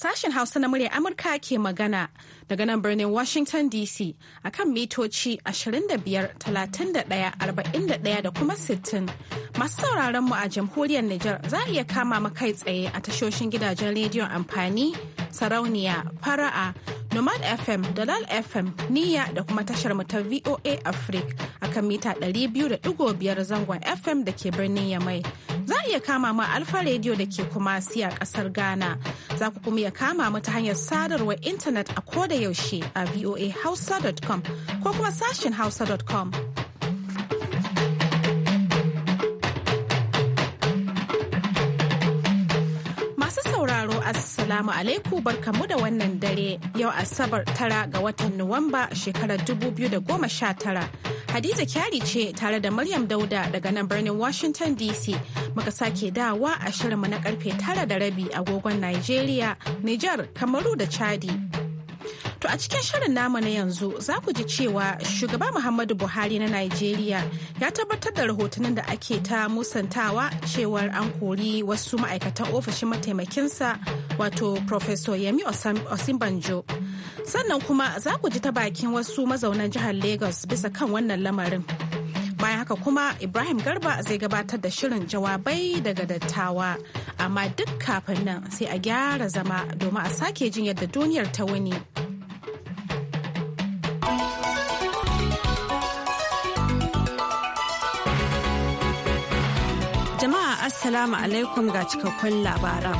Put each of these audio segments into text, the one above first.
Sashen Hausa na murya Amurka ke magana daga nan birnin Washington DC a kan mitoci 25, 31, 41 da kuma 60. Masu sauraron mu a jamhuriyar Nijar za a iya kama makai tsaye a tashoshin gidajen rediyon amfani, sarauniya, fara'a, Nomad FM Dalal FM niya da kuma tashar mu ta VOA Africa kan mita 200.5 zangon FM da ke birnin Yamai. Za a iya kama mu Alfa Radio da ke kuma siya kasar Ghana. Za ku kuma iya kama mu ta hanyar sadarwar intanet a koda yaushe a voahausa.com ko kuma sashen hausa.com. Assalamu alaikum barkamu da wannan dare yau Asabar tara ga watan Nuwamba shekarar 2019. Hadiza kyari ce tare da Maryam Dauda daga nan birnin Washington DC muka sake dawa a shirinmu na karfe tara da rabi agogon Nigeria, Nijar, Kamaru da Chadi. To a cikin shirin namu na yanzu za ku ji cewa shugaba Muhammadu Buhari na Najeriya ya tabbatar da rahotannin da ake ta musantawa cewar an kori wasu ma'aikatan ofishin mataimakinsa wato Professor Yemi Osinbanjo. Sannan kuma za ku ji ta bakin wasu mazaunan jihar Lagos bisa kan wannan lamarin. Bayan haka kuma Ibrahim Garba zai gabatar da shirin jawabai daga dattawa. Amma duk kafin nan sai a gyara zama domin a sake jin yadda duniyar ta wuni. Assalamu alaikum ga cikakkun labaran.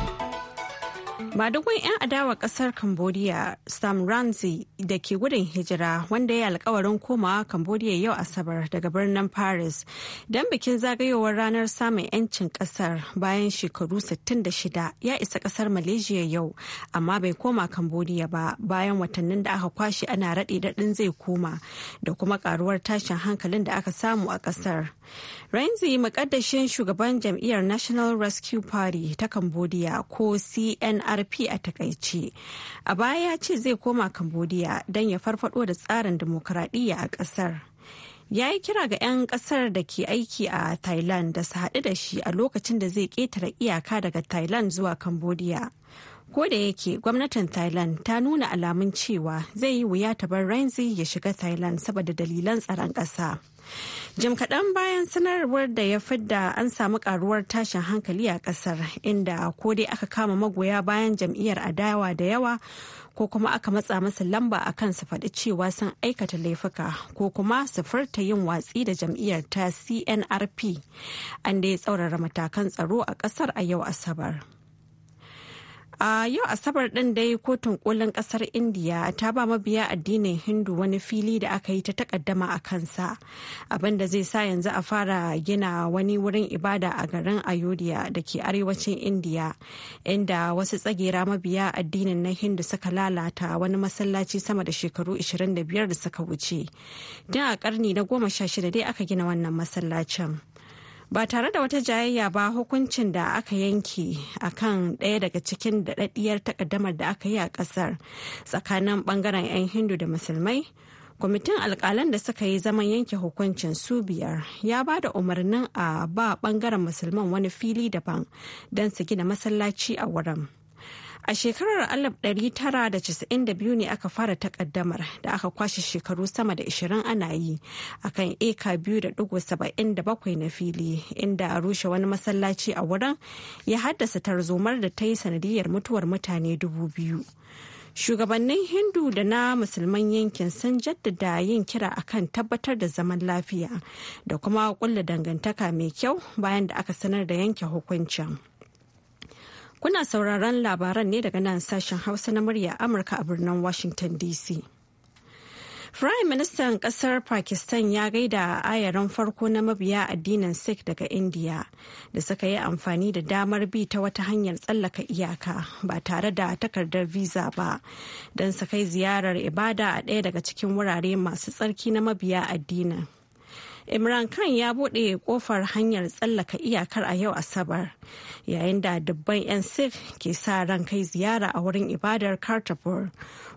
ba Madugun 'yan adawa kasar Cambodia Sam Ranzi da ke gudun hijira wanda ya alkawarin komawa Cambodia yau Asabar daga birnin Paris don bikin zagayowar ranar samun 'yancin kasar bayan shekaru 66 ya isa kasar Malaysia yau amma bai koma Cambodia ba bayan watannin da aka kwashe ana raɗe daɗin zai koma da kuma karuwar tashin hankalin da aka samu a kasar. Ranzi mukaddashin shugaban jam'iyyar National Rescue Party ta Cambodia ko CNR rp a takaice a baya ya ce zai koma cambodia don ya farfado da tsarin dimokuraɗiyya a ƙasar ya yi kira ga 'yan ƙasar da ke aiki a thailand da su haɗu da shi a lokacin da zai ƙetare iyaka daga thailand zuwa cambodia ko da yake gwamnatin thailand ta nuna alamun cewa zai yi wuya ta bar ya shiga thailand saboda dalilan tsaron ƙasa. jim kaɗan bayan sanarwar da ya fidda an samu karuwar tashin hankali a ƙasar inda ko dai aka kama magoya bayan jam'iyyar adawa da yawa ko kuma aka matsa masa lamba a kan su faɗi cewa sun aikata laifuka ko kuma su furta yin watsi da jam'iyyar ta cnrp an da ya tsaurara matakan tsaro a ƙasar a yau asabar. A yau Asabar ɗin dai kotun kolin ƙasar Indiya ta ba mabiya addinin Hindu wani fili da aka yi ta takaddama a kansa, abinda zai sa yanzu a fara gina wani wurin ibada a garin Ayodhya da ke arewacin Indiya, inda wasu tsagera mabiya addinin na Hindu suka lalata wani masallaci sama da shekaru 25 da suka wuce. Don a ƙarni na 16 dai aka gina wannan masallacin. ba tare da wata jayayya ba hukuncin da aka yanke a kan ɗaya daga cikin daɗaɗɗiyar takaddamar da aka yi a ƙasar tsakanin ɓangaren 'yan hindu da musulmai kwamitin alƙalan da suka yi zaman yanke hukuncin su biyar ya ba da umarnin a ba ɓangaren musulman wani fili daban don su gina masallaci a wurin. A shekarar 1992 ne aka fara takaddamar da aka kwashe shekaru sama da 20 ana yi a kan eka biyu da saba'in da bakwai na fili inda a rushe wani masallaci a wurin ya haddasa tarzomar da ta yi sanadiyar mutuwar mutane dubu biyu. Shugabannin Hindu da na musulman yankin sun jaddada yin kira akan tabbatar da zaman lafiya da kuma kulla dangantaka mai kyau bayan da aka sanar da yanke hukuncin. Kuna sauraron labaran ne daga nan sashen Hausa na murya Amurka a birnin Washington DC. Firayim Ministan ƙasar Pakistan ya gaida ayaran farko na mabiya addinin Sikh daga India da suka yi amfani da damar bi ta wata hanyar tsallaka iyaka ba tare da takardar visa ba don su kai ziyarar ibada a ɗaya daga cikin wurare masu tsarki na mabiya addinin. imran khan ya buɗe ƙofar hanyar tsallaka iyakar a yau asabar yayin da dubban 'yan sif ke sa ran kai ziyara a wurin ibadar Kartafur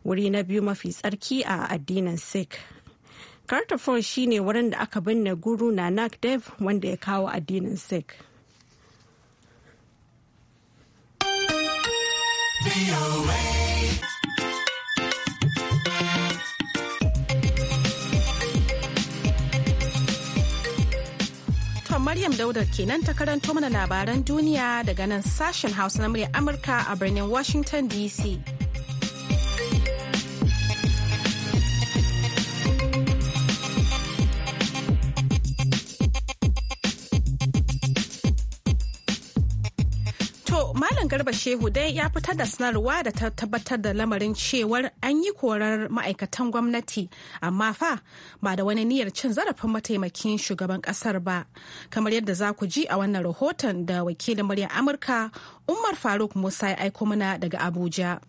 wuri na biyu mafi tsarki a addinin sikh kartafor shine wurin da aka binne guru na dev wanda ya kawo addinin sikh Maryam Dauda kenan ta karanto mana labaran duniya daga nan sashen Hausa na murya Amurka a birnin Washington DC. Malam Garba Shehu dai ya fitar da sanarwa da ta tabbatar da lamarin cewar an yi korar ma'aikatan gwamnati amma fa ba da wani niyyar cin zarafin mataimakin shugaban kasar ba. Kamar yadda za ku ji a wannan rahoton da wakilin muryar Amurka Umar Faruk Musa ya aiko mana daga Abuja.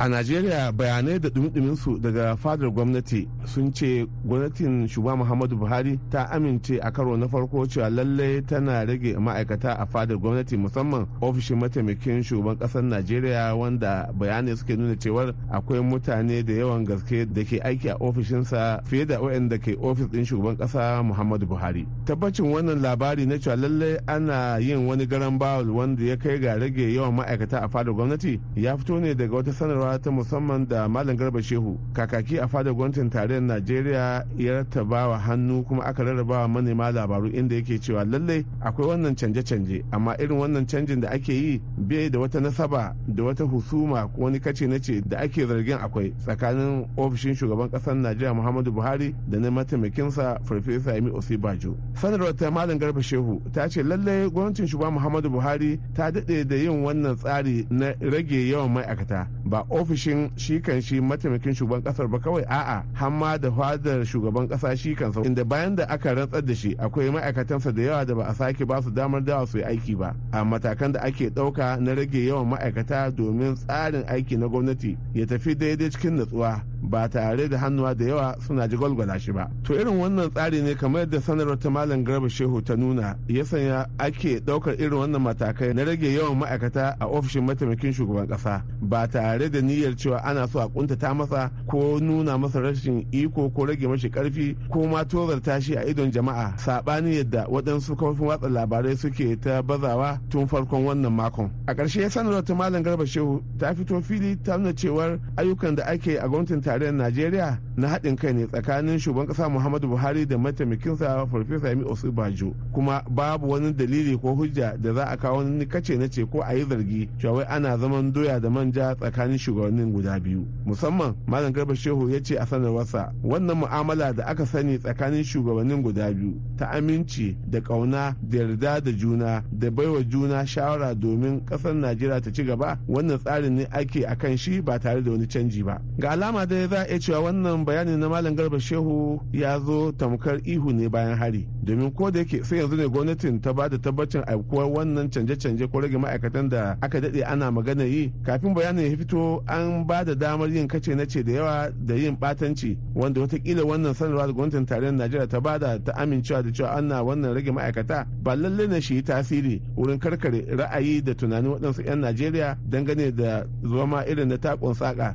a najeriya bayanai da dumi su daga fadar gwamnati sun ce gwamnatin shugaba muhammadu buhari ta amince a karo na farko cewa lallai tana rage ma'aikata a fadar gwamnati musamman ofishin mataimakin shugaban kasar najeriya wanda bayanai suke nuna cewar akwai mutane da yawan gaske da ke aiki a ofishinsa fiye da waɗanda ke ofis ɗin shugaban ƙasa muhammadu buhari tabbacin wannan labari na cewa lallai ana yin wani garan bawul wanda ya kai ga rage yawan ma'aikata a fadar gwamnati ya fito ne daga wata sanarwa tattaunawa ta musamman da Malam Garba Shehu kakaki a fadar gwamnatin tarayyar Najeriya ya wa hannu kuma aka rarraba wa manema labaru inda yake cewa lallai akwai wannan canje-canje amma irin wannan canjin da ake yi bai da wata nasaba da wata husuma ko wani kace na ce da ake zargin akwai tsakanin ofishin shugaban kasar Najeriya Muhammadu Buhari da na mataimakinsa Farfesa Yemi Osibajo. Sanarwar ta Malam Garba Shehu ta ce lallai gwamnatin shugaban Muhammadu Buhari ta daɗe da yin wannan tsari na rage yawan ma'aikata ba ofishin shi kan shi mataimakin shugaban kasar ba kawai a'a hamma da fadar shugaban kasa shi kan sa inda bayan da aka rantsar da shi akwai ma'aikatansa da yawa da ba a sake ba su damar dawa su yi aiki ba a matakan da ake ɗauka na rage yawan ma'aikata domin tsarin aiki na gwamnati ya tafi daidai cikin natsuwa ba tare da hannuwa da yawa suna ji gwalgwala shi ba to irin wannan tsari ne kamar yadda sanarwar ta malam garba shehu ta nuna ya sanya ake daukar irin wannan matakai na rage yawan ma'aikata a ofishin mataimakin shugaban kasa ba tare da niyyar cewa ana so a kuntata masa ko nuna masa rashin iko ko rage mashi karfi ko ma tozarta shi a idon jama'a sabani yadda waɗansu kafofin watsa labarai suke ta bazawa tun farkon wannan makon a ƙarshe sanarwar ta malam garba shehu ta fito fili ta nuna cewar ayyukan da ake a gwamnatin tarayyar najeriya na haɗin kai ne tsakanin shugaban kasa muhammadu buhari da mataimakinsa farfesa yami osubajo kuma babu wani dalili ko hujja da za a kawo wani kace na ce ko a yi zargi cewa ana zaman doya da manja tsakanin shugabannin guda biyu musamman malam garba shehu ya ce a sanarwarsa wannan mu'amala da aka sani tsakanin shugabannin guda biyu ta aminci da ƙauna da yarda da juna da baiwa juna shawara domin ƙasar najeriya ta ci gaba wannan tsarin ne ake akan shi ba tare da wani canji ba ga alama dai za a iya cewa wannan bayanin na malam garba shehu ya zo tamkar ihu ne bayan hari domin ko da yake sai yanzu ne gwamnatin ta ba da tabbacin aikuwar wannan canje-canje ko rage ma'aikatan da aka dade ana magana yi kafin bayanin ya fito an ba da damar yin kace na ce da yawa da yin batanci wanda watakila wannan sanarwa da gwamnatin tarayyar najeriya ta bada ta amincewa da cewa ana wannan rage ma'aikata ba lallai na shi tasiri wurin karkare ra'ayi da tunanin waɗansu 'yan najeriya dangane da zama irin na takon saƙa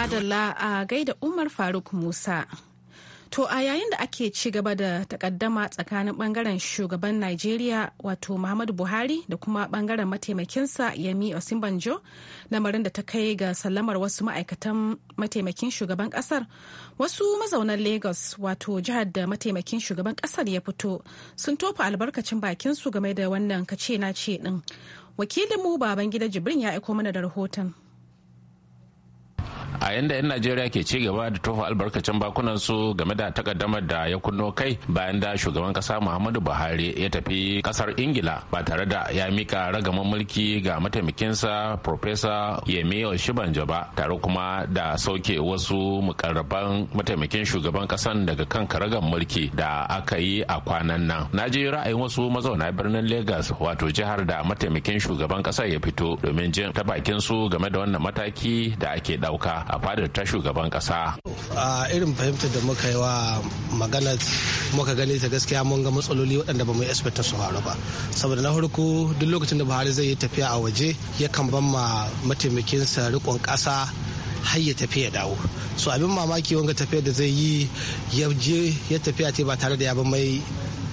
madalla a gaida Umar Faruk Musa. To a yayin da ake ci gaba da takaddama tsakanin bangaren shugaban Najeriya wato Muhammadu Buhari da kuma bangaren mataimakinsa Yemi Osinbanjo lamarin da ta kai ga sallamar wasu ma'aikatan mataimakin shugaban kasar wasu mazaunan Lagos wato jihar da mataimakin shugaban kasar ya fito sun tofa albarkacin bakin su game da wannan kace na ce din wakilinmu baban gida Jibrin ya aiko mana da rahoton. a yanda 'yan najeriya ke ci gaba da tofa albarkacin bakunan su game da takaddamar da ya kunno kai bayan da shugaban kasa muhammadu buhari ya tafi kasar ingila ba tare da ya mika ragaman mulki ga mataimakinsa profesa yemi oshibanjo ba tare kuma da sauke wasu mukarraban mataimakin shugaban kasan daga kan karagan mulki da aka yi a kwanan nan na ji ra'ayin wasu mazauna birnin Legas, wato jihar da mataimakin shugaban kasa ya fito domin jin ta bakin su game da wannan mataki da ake dauka a fadar ta shugaban kasa. a irin fahimtar da muka yi wa magana muka gani ta gaskiya mun ga matsaloli waɗanda ba mu expect su faru ba saboda na farko duk lokacin da buhari zai yi tafiya a waje yakan ban ma mataimakinsa rikon ƙasa har ya tafi ya dawo so abin mamaki wanga tafiya da zai yi ya je ya tafiya ce ba tare da ya ba mai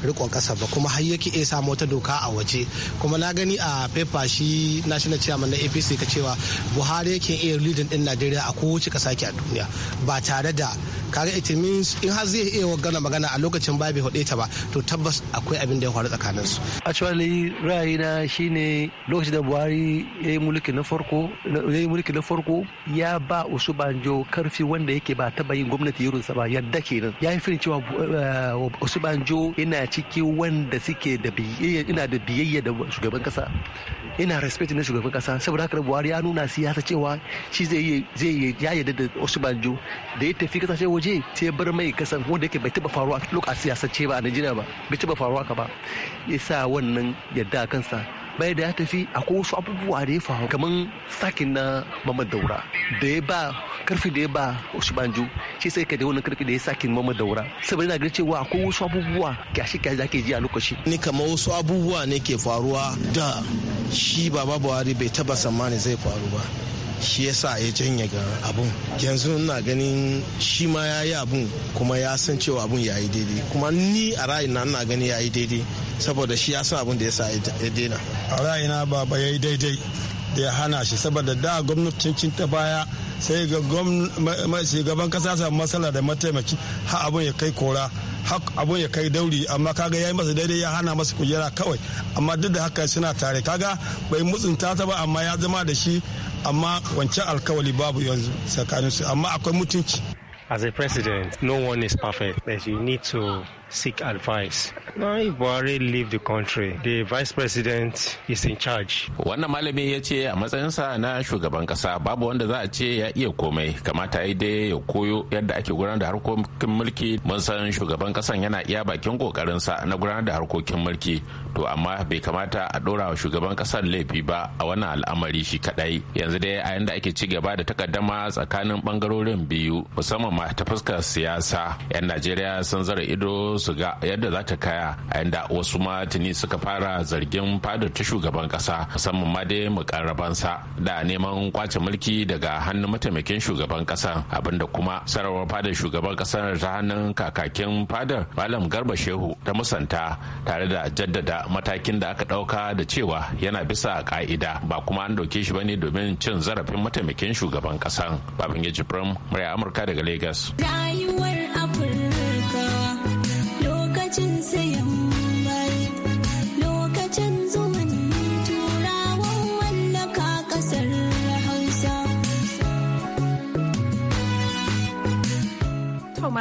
rikon kasa ba kuma har yake iya samu wata doka a waje kuma na gani a paper shi national chairman na apc ka cewa buhari yake iya leading din najeriya a kowace kasa ke a duniya ba tare da kaga it means in har zai iya wagana magana a lokacin ba bai ba to tabbas akwai abin da ya faru tsakanin su actually na shine lokacin da buhari ya yi mulki na farko ya yi mulki na farko ya ba usubanjo karfi wanda yake ba taba yin gwamnati sa ba yadda kenan ya yi firin cewa usubanjo eh, yana ciki wanda suke da biyayya ina da biyayya da shugaban kasa ina respect na shugaban kasa saboda haka Buhari ya nuna siyasa cewa shi zai zai ya yarda da Osubanjo da ya tafi kasashen waje sai bar mai kasan wanda yake bai taba faruwa a ce ba a Najeriya ba bai taba faruwa ka ba yasa wannan yadda kansa bai da ya tafi akwai wasu abubuwa da ya faru kamar sakin na mama daura da ya ba karfi da ya ba usbanju shi sai ka da wani karfi da ya sakin mamad daura saboda yana ga cewa akwai wasu abubuwa gashi ka ake ji a lokaci ni kamar wasu abubuwa ne ke faruwa da shi baba buhari bai taba tsammani zai faru ba shi yasa ya janye ga abun yanzu ina ganin shi ma ya yi abun kuma ya san cewa abun ya yi daidai kuma ni a ra'ayina ina gani ya yi daidai saboda shi ya san abun da ya sa ya daina a ra'ayina ba ya yi daidai da ya hana shi saboda da gwamnatocin ta baya sai ga shugaban kasa sa matsala da mataimaki har abun ya kai kora har abun ya kai dauri amma kaga ya yi masa daidai ya hana masa kujera kawai amma duk da haka suna tare kaga bai mutsunta ta ba amma ya zama da shi amma wancan alkawali babu yanzu tsakanin su amma akwai mutunci As a president, no one is perfect. You need to seek advice. Now, if Buhari leave the country, the vice president is in charge. Wannan malami ya ce a matsayinsa na shugaban kasa babu wanda za a ce ya iya komai kamata ya dai ya koyo yadda ake gudanar da harkokin mulki mun san shugaban kasan yana iya bakin kokarinsa na gudanar da harkokin mulki to amma bai kamata a dora wa shugaban kasan laifi ba a wannan al'amari shi kadai yanzu dai a yanda ake ci gaba da takaddama tsakanin bangarorin biyu musamman ma ta fuskar siyasa yan najeriya sun zara ido su ga yadda za ta kaya a yanda wasu ma tuni suka fara zargin fadar ta shugaban kasa musamman ma dai mukarrabansa da neman kwace mulki daga hannun mataimakin shugaban kasa abinda kuma sarawar fadar shugaban kasar ta hannun kakakin fadar malam garba shehu ta musanta tare da jaddada matakin da aka dauka da cewa yana bisa ka'ida ba kuma an dauke shi bane domin cin zarafin mataimakin shugaban kasa babangiji prim murya amurka daga lagos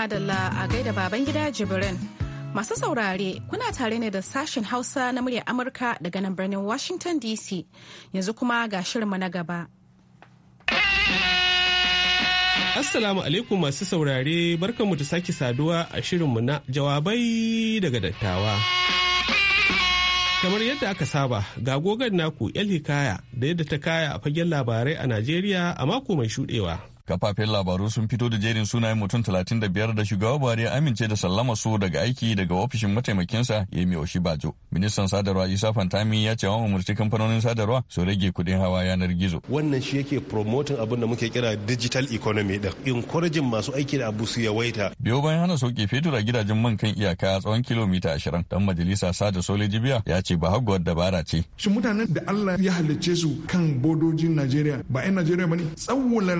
madalla a gaida baban gida jibrin masu saurare kuna tare ne da sashen hausa na muryar amurka daga nan birnin washington dc yanzu kuma ga shirinmu na gaba assalamu alaikum masu saurare barkanmu ta sake saduwa a shirinmu na jawabai daga dattawa kamar yadda aka saba ga gogon naku hikaya da yadda ta kaya a fagen labarai a najeriya a mako mai shudewa Kafafen labaru sun fito da jerin sunayen mutum 35 da shugaba Buhari ya amince da sallama su daga aiki daga ofishin mataimakin mataimakinsa Yemi Oshibajo. Ministan sadarwa Isa Fantami ya ce wa umarci kamfanonin sadarwa su rage kuɗin hawa yanar gizo. Wannan shi yake promoting abin da muke kira digital economy din. Encouraging masu aiki da abu su yawaita. Biyo bayan hana sauke fetur a gidajen man kan iyaka tsawon kilomita 20. Dan majalisa Sada Sole Jibiya ya ce ba haguwar dabara ce. Shin mutanen da Allah ya halicce su kan bodojin Najeriya ba ai Najeriya ba ne?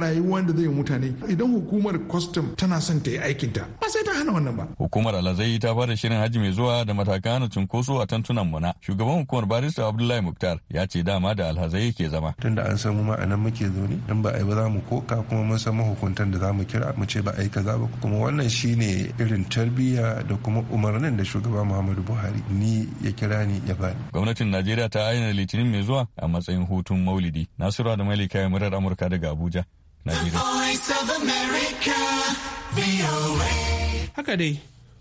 rayuwa da zai mutane idan hukumar custom tana son ta yi aikinta ba sai ta hana wannan ba. Hukumar alazai ta fara shirin haji mai zuwa da matakan hana cunkoso a tantunan muna. Shugaban hukumar barista Abdullahi Muktar ya ce dama da alhazai yake zama. Tunda an samu ma anan muke zo ne dan ba a yi ba za mu koka kuma mun san mahukuntan da za mu kira mu ce ba a kaza ba kuma wannan shine irin tarbiyya da kuma umarnin da shugaba Muhammadu Buhari ni ya kira ni ya bani. Gwamnatin Najeriya ta ayyana litinin mai zuwa a matsayin hutun maulidi. Nasiru da Malika ya murar Amurka daga Abuja. Haka dai,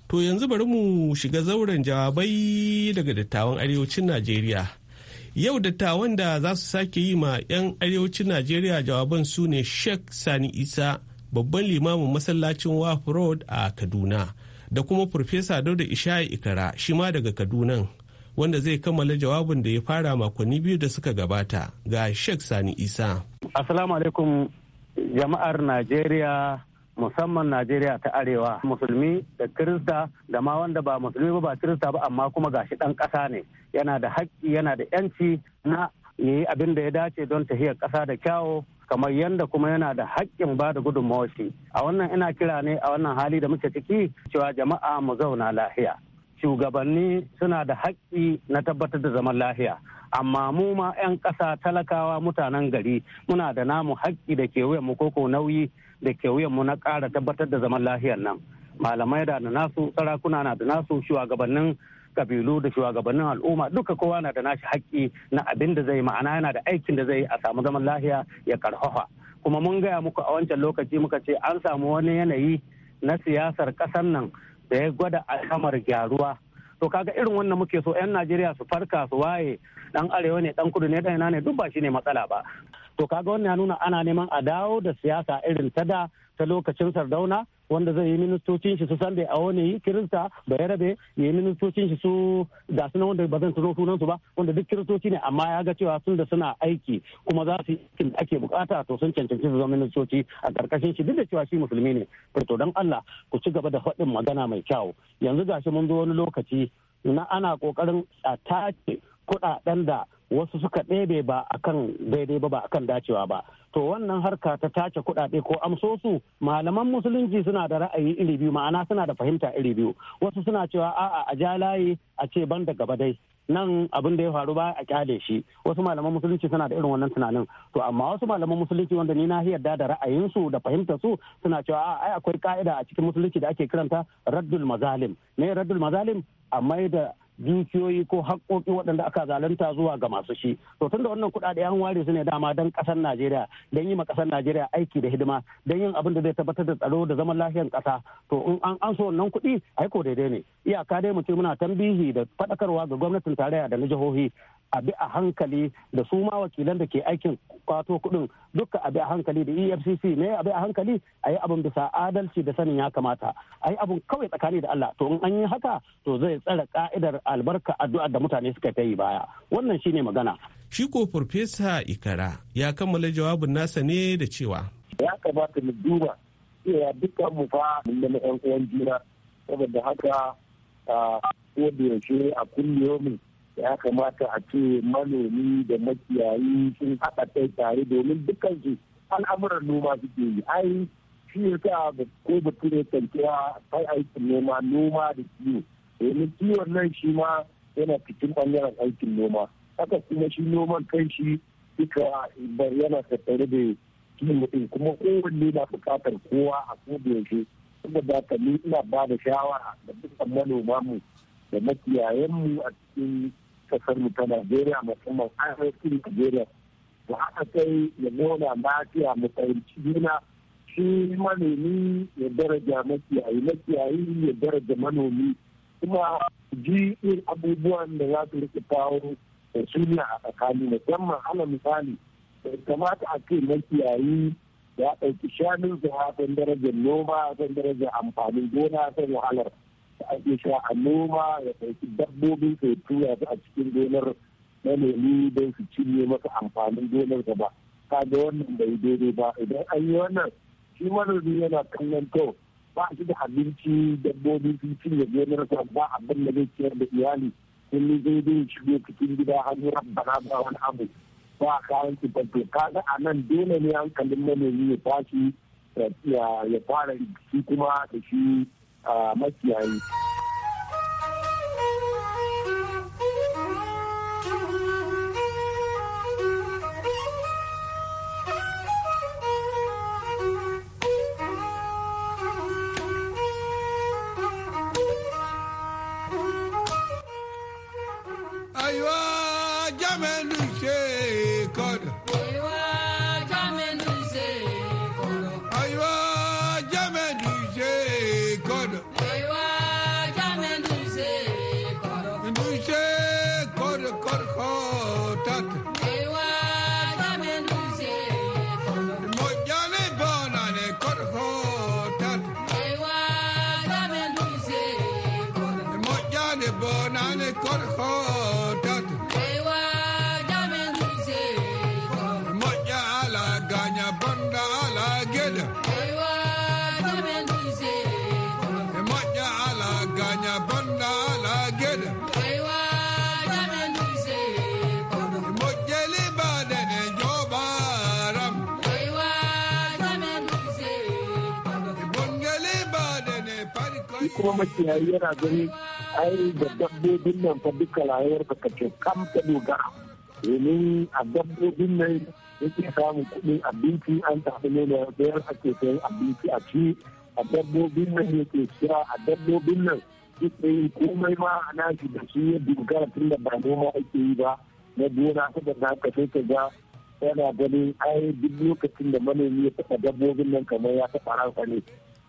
to yanzu bari mu shiga zauren jawabai daga dattawan arewacin Najeriya. Yau dattawan da za su sake yi ma 'yan arewacin Najeriya jawaban su ne Sheikh Sani Isa, babban limamin masallacin Waf Road a Kaduna, da kuma Farfesa Dauda Ishaya Ikara, shi ma daga kaduna wanda zai kammala jawabin da ya fara makonni biyu da suka gabata ga Sheikh Sani Isa. Assalamu alaikum jama'ar najeriya musamman najeriya ta arewa musulmi da kirista da ma wanda ba musulmi ba ba kirista ba amma kuma gashi dan ƙasa ne yana da haƙƙi yana da yanci na yi abin da ya dace don tahiyar ƙasa da kyawo kamar yadda kuma yana da haƙƙin ba da gudunmawar shi a wannan ina kira ne a wannan hali da muke ciki cewa jama'a mu zauna lafiya shugabanni suna da haƙƙi na tabbatar da zaman lafiya amma mu ma 'yan ƙasa talakawa mutanen gari muna da namu haƙƙi da ke ko ko nauyi da ke wuyanmu na ƙara tabbatar da zaman lafiyar nan malamai da na nasu sarakuna na da nasu shugabannin kabilu da shugabannin al'umma duka kowa na da nashi haƙƙi na abin da zai ma'ana yana da aikin da zai a samu zaman lafiya ya karfafa kuma mun gaya muku a wancan lokaci muka ce an samu wani yanayi na siyasar ƙasar nan da ya gwada alhamar gyaruwa to kaga irin wannan muke so 'yan najeriya su farka su waye dan arewa ne dan kudu ne dan ina ne duk ba shine matsala ba to kaga wannan ya nuna ana neman a dawo da siyasa irin ta da ta lokacin sardauna wanda zai yi ministocin shi su san a wani kirista bai rabe ya yi ministocin shi su ga su wanda ba zan tuno sunan su ba wanda duk kiristoci ne amma ya ga cewa sun da suna aiki kuma za su yi da ake bukata to sun cancanci su zama ministoci a karkashin shi duk da cewa shi musulmi ne to don Allah ku ci gaba da faɗin magana mai kyau yanzu gashi mun zo wani lokaci na ana kokarin a tace kuɗaɗen da wasu suka ɗebe ba a kan daidai ba ba kan dacewa ba to wannan harka ta tace kuɗaɗe ko amso su malaman musulunci suna da ra'ayi iri biyu ma'ana suna da fahimta iri biyu wasu suna cewa a'a a ja layi a ce ban da gaba dai nan abin da ya faru ba a kyale shi wasu malaman musulunci suna da irin wannan tunanin to amma wasu malaman musulunci wanda ni na yarda da ra'ayinsu da fahimtar su suna cewa a ai akwai ka'ida a cikin musulunci da ake kiranta raddul mazalim ne raddul mazalim amma da dukiyoyi ko haƙƙoƙi waɗanda aka zalunta zuwa ga masu shi to tunda wannan kuɗaɗe an ware su ne dama don ƙasar Najeriya don yi ma ƙasar Najeriya aiki da hidima don yin abin da zai tabbatar da tsaro da zaman lafiyar ƙasa to in an an so wannan kuɗi aiko ko daidai ne iyaka dai mutum muna tambihi da faɗakarwa ga gwamnatin tarayya da na jihohi a bi a hankali da su ma wakilan da ke aikin kwato kudin duka a bi a hankali da efcc ne a bi a hankali a yi abin bisa adalci da sanin ya kamata a yi abin kawai tsakani da allah to in an yi haka to zai tsare ka'idar albarka addu'ar da mutane suka ta yi baya wannan shine magana shi ko farfesa ikara ya kammala jawabin nasa ne da cewa ya kamata mu duba cewa dukkan mu fa mun da yan uwan juna saboda haka ko da yaushe a min. ya kamata a ce manomi da makiyayi sun haɗa kai tare domin dukansu al'amuran noma suke yi ai shi ya sa ko bature kan kira kai aikin noma noma da kiwo domin kiwon nan shi ma yana cikin ɓangaren aikin noma haka kuma shi noman kan shi duka yana tattare da kiwo ɗin kuma kowanne na buƙatar kowa a kodayaushe saboda ka ni ina ba da shawara da dukkan manoma mu da mu a cikin kasar mu ta Najeriya musamman arewacin Najeriya da aka kai ya nuna lafiya mu fahimci juna shi manomi ya daraja makiyayi makiyayi ya daraja manomi kuma ji irin abubuwan da za su rike kawo da suna a tsakani musamman ana misali kamata a ce makiyayi ya ɗauki shanun zuwa don darajar noma don darajar amfanin gona don wahalar da ake sha a noma ya ɗauki dabbobin ka ya tura su a cikin gonar manomi don su cinye masa amfanin gonar ka ba kaga wannan bai daidai ba idan an yi wannan shi manomi yana kallon to ba shi da abinci dabbobi sun cinye gonar sa ba abin da zai ciyar da iyali kullum zai zai shigo cikin gida hannu rabbana ba wani abu ba kayan sifanto kaga a nan dole ne hankalin manomi ya tashi ya fara shi kuma da shi makiyayi shi kuma makiyayi yana gani ai da dabbobin nan fa duka layar da kake kam ta dogara domin a dabbobin nan yake samun kudin abinci an tafi ne da bayar ake sayan abinci a ci a dabbobin nan yake kira a dabbobin nan duk komai ma a nashi da shi ya dogara tun da ba noma ake yi ba na gona saboda haka sai ka ga yana ganin ai duk lokacin da manomi ya taɓa dabbobin nan kamar ya taɓa ransa ne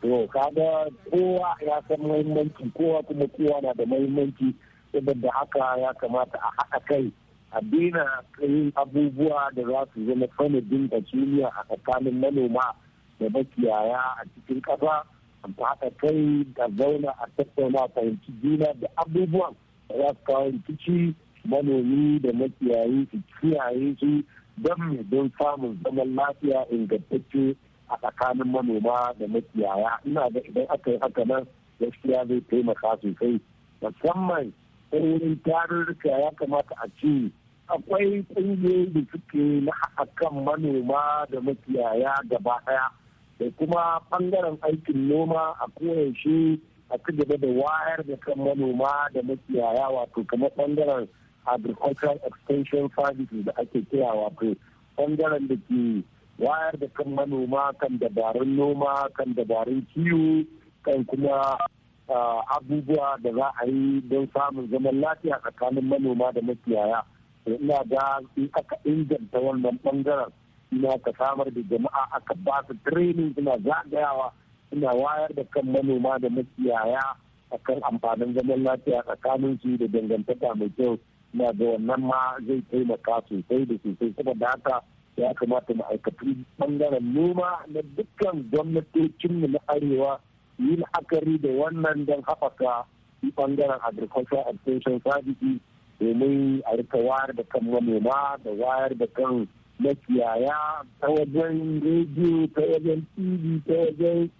to kaga kowa ya san mahimmanci kowa kuma kowa na da mahimmanci saboda haka ya kamata a haɗa kai a daina yin abubuwa da za su zama sanadin da duniya a tsakanin manoma da makiyaya a cikin ƙasa a haɗa kai da zauna a tattauna fahimci juna da abubuwan da za su kawo rikici manomi da makiyayi su kiyaye su don don samun zaman lafiya ingantacce a tsakanin manoma da makiyaya ina ga idan aka yi haka nan gaskiya zai taimaka sosai musamman irin tarurruka ya kamata a ce akwai ƙungiyoyi da suke na akan manoma da makiyaya gaba ɗaya da kuma ɓangaren aikin noma a koyaushe a ci gaba da wayar da kan manoma da makiyaya wato kamar ɓangaren agricultural extension services da ake kira wato ɓangaren da ke wayar da kan manoma kan dabarun noma kan dabarun kiwo kan kuma abubuwa da za a yi don samun zaman lafiya tsakanin manoma da makiyaya ina da in aka inganta wannan bangaren ina ka samar da jama'a aka ba su training suna zagayawa suna wayar da kan manoma da makiyaya akan amfanin zaman lafiya tsakanin su da dangantaka mai kyau ina da wannan ma zai taimaka sosai da sosai saboda haka ya kamata ma'aikatun bangaren noma na dukkan gwamnatocinmu na arewa yi la'akari da wannan don haɓaka bangaren agriculture extension services domin a rika wayar da kan manoma da wayar da kan makiyaya ta wajen rediyo ta wajen tv ta wajen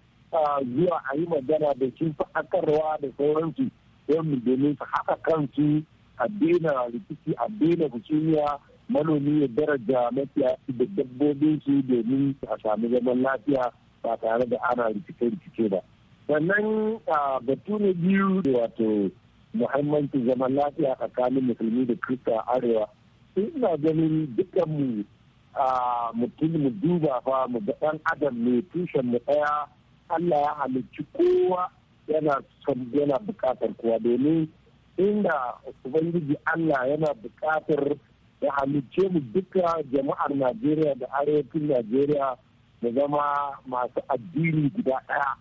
zuwa a yi magana da shi fa'akarwa da sauransu don domin su haka kansu a daina rikici a daina hukumiya manomi ya daraja mafiya da dabbobin su domin a sami zaman lafiya ba tare da ana rikice-rikice ba sannan batu na biyu da wato muhimmancin zaman lafiya tsakanin musulmi da kirista arewa ina ganin dukanmu mutum mu duba fa mu ga ɗan adam ne tushen mu ɗaya Allah ya halicci kowa yana son yana buƙatar kowa domin inda ubangiji Allah yana buƙatar ya halicce mu duka jama'ar najeriya da arewacin najeriya da zama masu addini guda ɗaya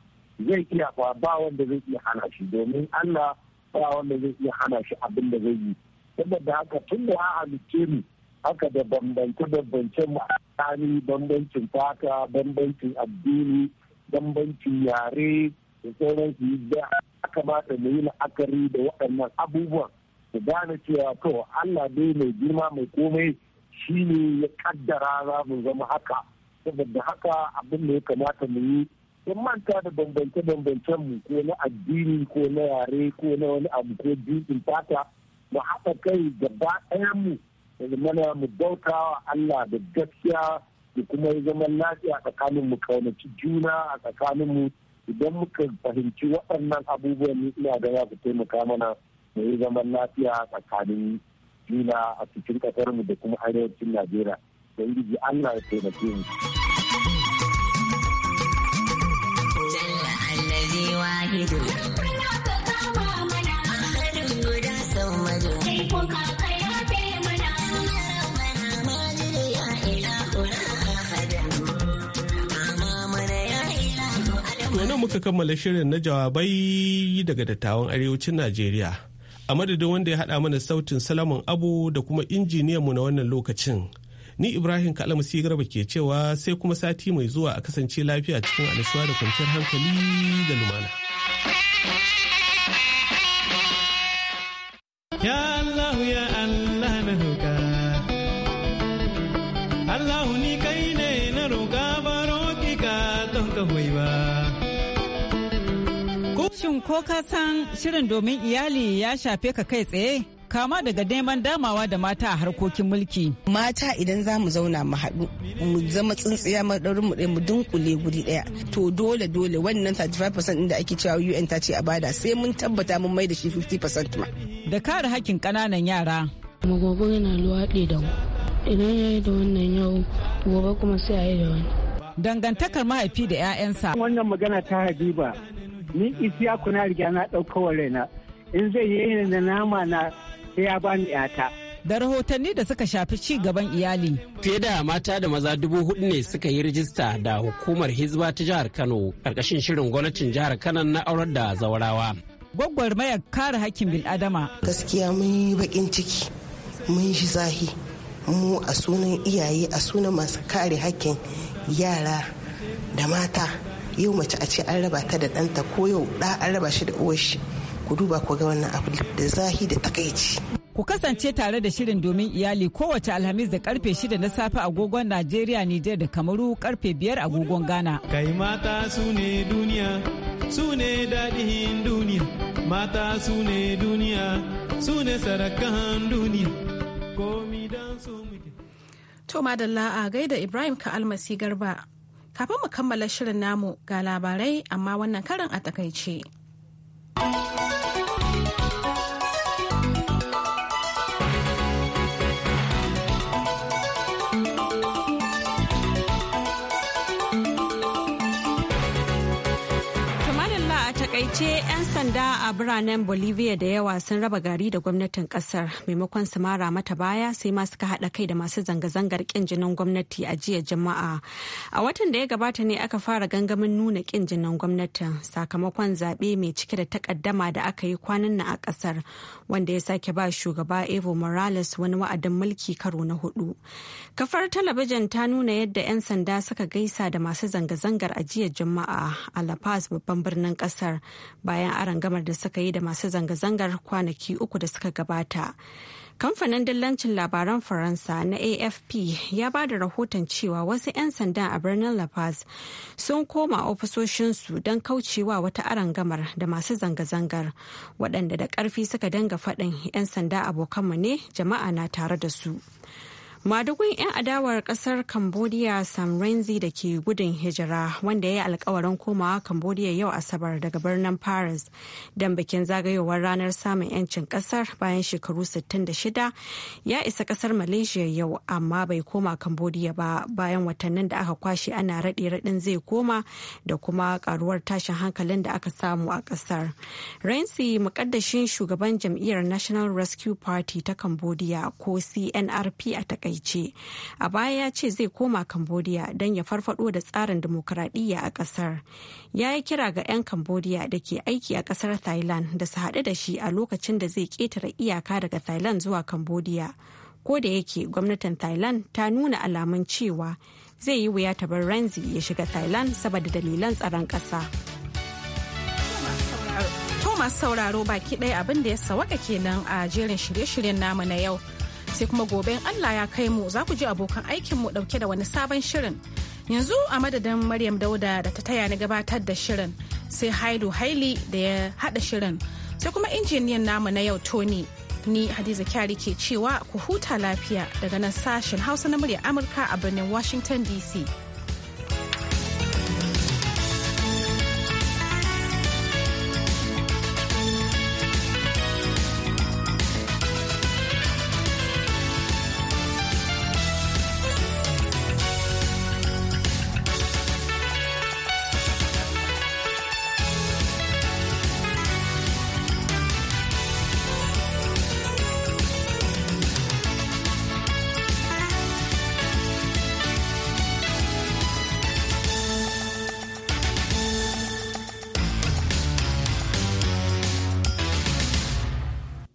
zai iya fa ba wanda zai iya hana shi domin allah ba wanda zai iya hana shi abin da zai yi saboda haka tun da ya halicce mu haka da bambance-bambancen ma'ani bambancin fata bambancin addini bambancin yare da sauransu da aka kamata mu yi la'akari da waɗannan abubuwan ku gane cewa to Allah dai mai girma mai komai shi ne ya kaddara za mu zama haka saboda haka abin da ya kamata mu yi in manta da bambance-bambancen mu ko na addini ko na yare ko na wani abu ko jinsin fata mu haɗa kai gaba ɗaya mu da mana mu bauta wa Allah da gaskiya da kuma ya zaman lafiya tsakanin mu kaunaci juna a tsakanin mu idan muka fahimci waɗannan abubuwan ina da ya su taimaka mana mu yi zaman lafiya tsakanin juna a cikin mu da kuma arewacin najeriya da gidi allah ya taimake mu Kai nan muka kammala shirin na jawabai daga dattawan arewacin Najeriya. a madadin wanda ya haɗa mana sautin salamun abu da kuma mu na wannan lokacin ni ibrahim kalamasi garba ke cewa sai kuma sati mai zuwa a kasance lafiya cikin annashuwa da kwanciyar hankali da lumana ya ni kai ne na roka baro ki ka don ka Shin ko ka san shirin domin iyali ya shafe ka kai tsaye? kama daga neman damawa da mata a harkokin mulki. Mata idan za mu zauna mu haɗu mu zama tsintsiya maɗaurin mu ɗaya mu dunkule guri ɗaya to dole dole wannan 35% da ake cewa UN ta ce a bada sai mun tabbata mun mai da shi 50% ma. Da kare hakkin ƙananan yara. Magogo yana luwaɗe da mu idan ya yi da wannan yau gobe kuma sai a yi da wani. Dangantakar mahaifi da 'ya'yansa. Wannan magana ta Habiba ni isiya kuna riga na ɗauka wa raina in zai yi da nama na sai ya bani yata. Da rahotanni da suka shafi ci gaban iyali. Fiye da mata da maza dubu hudu ne suka yi rijista da hukumar Hizba ta jihar Kano karkashin shirin gwamnatin jihar Kano na aurar da zawarawa. Gwagwarmayar kare hakkin adama. Gaskiya mun yi bakin ciki, mun shi zahi, mu a sunan iyaye a sunan masu kare hakkin yara da mata. yau mace a ce an raba ta da ɗanta ko yau ɗa an raba shi da uwar shi ku duba ku ga wannan abu da zahi da takaici. Ku kasance tare da shirin domin iyali kowace alhamis da karfe 6 na safe agogon Najeriya, Nijar da Kamaru karfe 5 agogon Ghana. Kai mata su ne duniya, su ne daɗin duniya, mata su ne duniya, su ne sarakan duniya. Komi dan su muke. To madalla a gaida Ibrahim ka almasi garba. Kafin mu kammala shirin namu ga labarai amma wannan karin a takaice. A takaice 'yan sanda a biranen Bolivia da yawa sun raba gari da gwamnatin kasar maimakon su mara mata baya sai ma suka haɗa kai da masu zanga-zangar kin jinin gwamnati a jiya jama'a. A watan da ya gabata ne aka fara gangamin nuna kin jinin gwamnatin sakamakon zaɓe mai cike da takaddama da aka yi kwanan nan a kasar wanda ya sake ba shugaba Evo Morales wani wa'adin mulki karo na hudu. Kafar talabijin ta nuna yadda 'yan sanda suka gaisa da masu zanga-zangar a jiya jama'a a La Paz babban birnin kasar. kasar bayan arangamar da suka yi da masu zanga-zangar kwanaki uku da suka gabata. Kamfanin dillancin labaran Faransa na AFP ya ba da rahoton cewa wasu 'yan sanda a birnin La Paz sun koma ofisoshinsu don kaucewa wata arangamar da masu zanga-zangar waɗanda da ƙarfi suka danga faɗin 'yan sanda abokanmu ne jama'a na tare da su. madugun 'yan adawar kasar cambodia sam renzi da ke gudun hijira wanda ya yi alkawarin komawa cambodia yau asabar daga birnin paris don bikin zagayowar ranar samun 'yancin kasar bayan shekaru 66 ya isa kasar malaysia yau amma bai koma cambodia ba bayan watannin da aka kwashe ana raɗe raɗin zai koma da kuma karuwar tashin hankalin da aka samu a kasar renzi mukaddashin shugaban jam'iyyar national rescue party ta cambodia ko cnrp a takai ce a baya ya ce zai koma cambodia don ya farfado da tsarin demokuraɗiyya a ƙasar ya yi kira ga 'yan cambodia da ke aiki a ƙasar thailand da su haɗu da shi a lokacin da zai ƙetare iyaka daga thailand zuwa cambodia ko da yake gwamnatin thailand ta nuna alamun cewa zai yi wuya ta bar ranzi ya shiga thailand saboda dalilan tsaron ƙasa. thomas sauraro baki ɗaya abin da ya sawaka kenan a jerin shirye-shiryen namu na yau sai kuma gobe in Allah ya kai mu za ku ji abokan mu ɗauke da wani sabon shirin. Yanzu a madadin Maryam Dauda da ta taya ni gabatar da shirin sai Hailu Haili da ya haɗa shirin sai kuma injiniyan namu na yau Tony. Ni Hadiza Kyari ke cewa ku huta lafiya daga nan sashen Hausa na murya Amurka a birnin Washington DC.